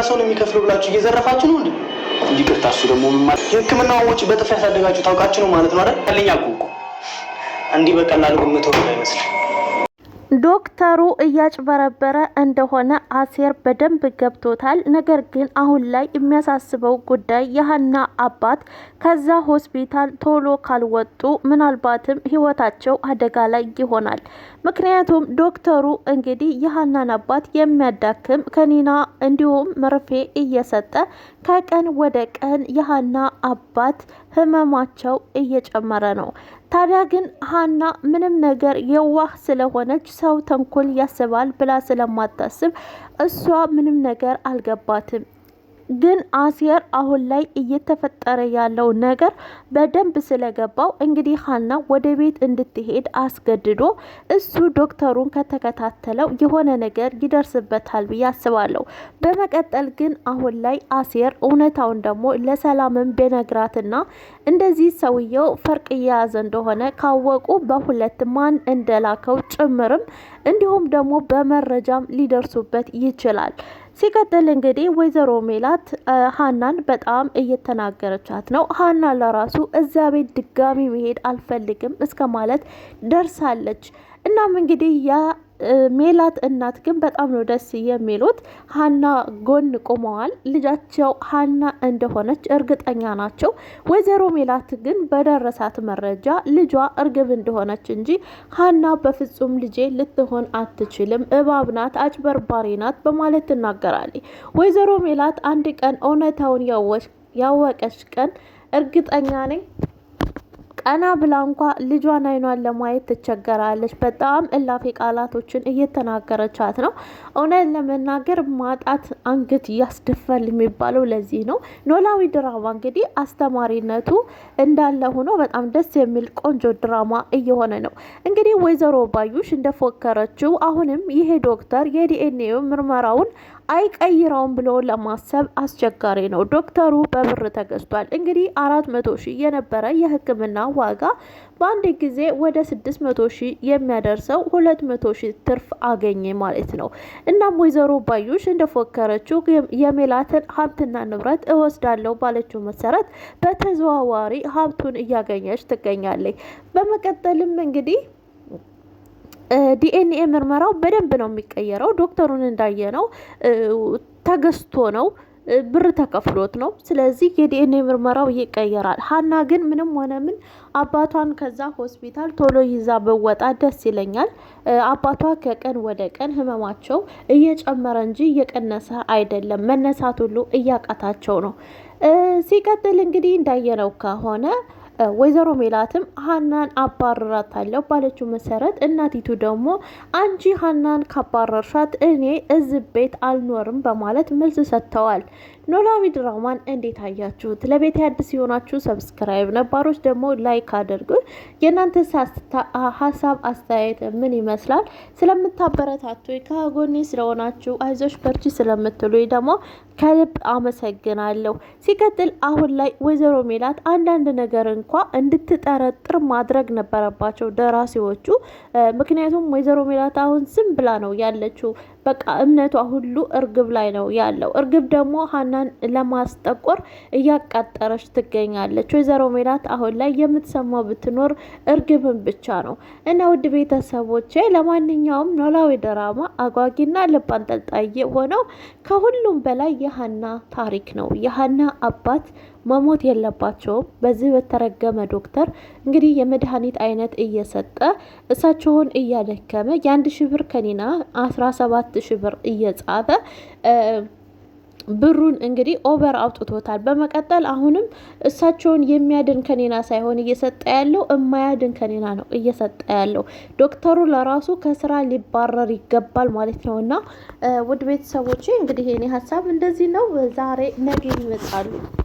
ሌላ ሰው ነው የሚከፍለው ብላችሁ እየዘረፋችሁ ነው እንዴ? ይቅርታ። እሱ ደግሞ የህክምና ወጪ በጥፍ ያሳደጋችሁ ታውቃችሁ ነው ማለት ነው አይደል? ያለኝ አልኩህ እኮ እንዲህ በቀላሉ የምትወርድ አይመስልም። ዶክተሩ እያጭበረበረ እንደሆነ አሴር በደንብ ገብቶታል። ነገር ግን አሁን ላይ የሚያሳስበው ጉዳይ የሀና አባት ከዛ ሆስፒታል ቶሎ ካልወጡ ምናልባትም ሕይወታቸው አደጋ ላይ ይሆናል። ምክንያቱም ዶክተሩ እንግዲህ የሀናን አባት የሚያዳክም ከኒና እንዲሁም መርፌ እየሰጠ ከቀን ወደ ቀን የሀና አባት ህመማቸው እየጨመረ ነው። ታዲያ ግን ሀና ምንም ነገር የዋህ ስለሆነች ሰው ተንኮል ያስባል ብላ ስለማታስብ እሷ ምንም ነገር አልገባትም። ግን አሴር አሁን ላይ እየተፈጠረ ያለው ነገር በደንብ ስለገባው እንግዲህ ሀና ወደ ቤት እንድትሄድ አስገድዶ እሱ ዶክተሩን ከተከታተለው የሆነ ነገር ይደርስበታል ብዬ አስባለሁ። በመቀጠል ግን አሁን ላይ አሴር እውነታውን ደግሞ ለሰላምን ቢነግራትና እንደዚህ ሰውየው ፈርቅ እየያዘ እንደሆነ ካወቁ በሁለት ማን እንደላከው ጭምርም እንዲሁም ደግሞ በመረጃም ሊደርሱበት ይችላል። ሲቀጥል እንግዲህ ወይዘሮ ሜላት ሀናን በጣም እየተናገረቻት ነው። ሀና ለራሱ እዚያ ቤት ድጋሚ መሄድ አልፈልግም እስከ ማለት ደርሳለች። እናም እንግዲህ ያ ሜላት እናት ግን በጣም ነው ደስ የሚሉት። ሀና ጎን ቆመዋል። ልጃቸው ሀና እንደሆነች እርግጠኛ ናቸው። ወይዘሮ ሜላት ግን በደረሳት መረጃ ልጇ እርግብ እንደሆነች እንጂ ሀና በፍጹም ልጄ ልትሆን አትችልም፣ እባብ ናት፣ አጭበርባሪ ናት በማለት ትናገራለች። ወይዘሮ ሜላት አንድ ቀን እውነታውን ያወቀች ቀን እርግጠኛ ነኝ ቀና ብላ እንኳ ልጇን አይኗን ለማየት ትቸገራለች። በጣም እላፊ ቃላቶችን እየተናገረቻት ነው። እውነት ለመናገር ማጣት አንገት ያስደፋል የሚባለው ለዚህ ነው። ኖላዊ ድራማ እንግዲህ አስተማሪነቱ እንዳለ ሆኖ በጣም ደስ የሚል ቆንጆ ድራማ እየሆነ ነው። እንግዲህ ወይዘሮ ባዩሽ እንደፎከረችው አሁንም ይሄ ዶክተር የዲኤንኤ ምርመራውን አይቀይረውም ብሎ ለማሰብ አስቸጋሪ ነው። ዶክተሩ በብር ተገዝቷል። እንግዲህ አራት መቶ ሺህ የነበረ የህክምና ዋጋ በአንድ ጊዜ ወደ ስድስት መቶ ሺህ የሚያደርሰው ሁለት መቶ ሺህ ትርፍ አገኘ ማለት ነው። እናም ወይዘሮ ባዩሽ እንደፎከረችው የሜላትን ሀብትና ንብረት እወስዳለሁ ባለችው መሰረት በተዘዋዋሪ ሀብቱን እያገኘች ትገኛለች። በመቀጠልም እንግዲህ ዲኤንኤ ምርመራው በደንብ ነው የሚቀየረው። ዶክተሩን እንዳየ ነው ተገዝቶ ነው ብር ተከፍሎት ነው። ስለዚህ የዲኤንኤ ምርመራው ይቀየራል። ሀና ግን ምንም ሆነ ምን አባቷን ከዛ ሆስፒታል ቶሎ ይዛ በወጣ ደስ ይለኛል። አባቷ ከቀን ወደ ቀን ህመማቸው እየጨመረ እንጂ እየቀነሰ አይደለም። መነሳት ሁሉ እያቃታቸው ነው። ሲቀጥል እንግዲህ እንዳየነው ከሆነ ወይዘሮ ሜላትም ሀናን አባረራታለሁ ባለችው መሰረት እናቲቱ ደግሞ አንቺ ሀናን ካባረርሻት እኔ እዚህ ቤት አልኖርም በማለት መልስ ሰጥተዋል። ኖላዊ ድራማን እንዴት አያችሁት? ለቤት አዲስ የሆናችሁ ሰብስክራይብ፣ ነባሮች ደግሞ ላይክ አድርጉ። የእናንተ ሀሳብ አስተያየት ምን ይመስላል? ስለምታበረታቱ ከጎኔ ስለሆናችሁ አይዞች በርቺ ስለምትሉ ደግሞ ከልብ አመሰግናለሁ። ሲቀጥል አሁን ላይ ወይዘሮ ሜላት አንዳንድ ነገር እንኳ እንድትጠረጥር ማድረግ ነበረባቸው ደራሲዎቹ። ምክንያቱም ወይዘሮ ሜላት አሁን ዝም ብላ ነው ያለችው በቃ እምነቷ ሁሉ እርግብ ላይ ነው ያለው። እርግብ ደግሞ ሀናን ለማስጠቆር እያቃጠረች ትገኛለች። ወይዘሮ ሜላት አሁን ላይ የምትሰማው ብትኖር እርግብን ብቻ ነው። እና ውድ ቤተሰቦቼ ለማንኛውም ኖላዊ ድራማ አጓጊና ልብ አንጠልጣይ ሆነው ከሁሉም በላይ የሀና ታሪክ ነው። የሀና አባት መሞት የለባቸውም። በዚህ በተረገመ ዶክተር እንግዲህ የመድኃኒት አይነት እየሰጠ እሳቸውን እያደከመ የአንድ ሺ ብር ከኒና አስራ ሰባት ሺ ብር እየጻፈ ብሩን እንግዲህ ኦቨር አውጥቶታል። በመቀጠል አሁንም እሳቸውን የሚያድን ከኔና ሳይሆን እየሰጠ ያለው እማያድን ከኔና ነው እየሰጠ ያለው። ዶክተሩ ለራሱ ከስራ ሊባረር ይገባል ማለት ነው። እና ውድ ቤተሰቦች እንግዲህ የኔ ሀሳብ እንደዚህ ነው። ዛሬ ነገ ይመጣሉ።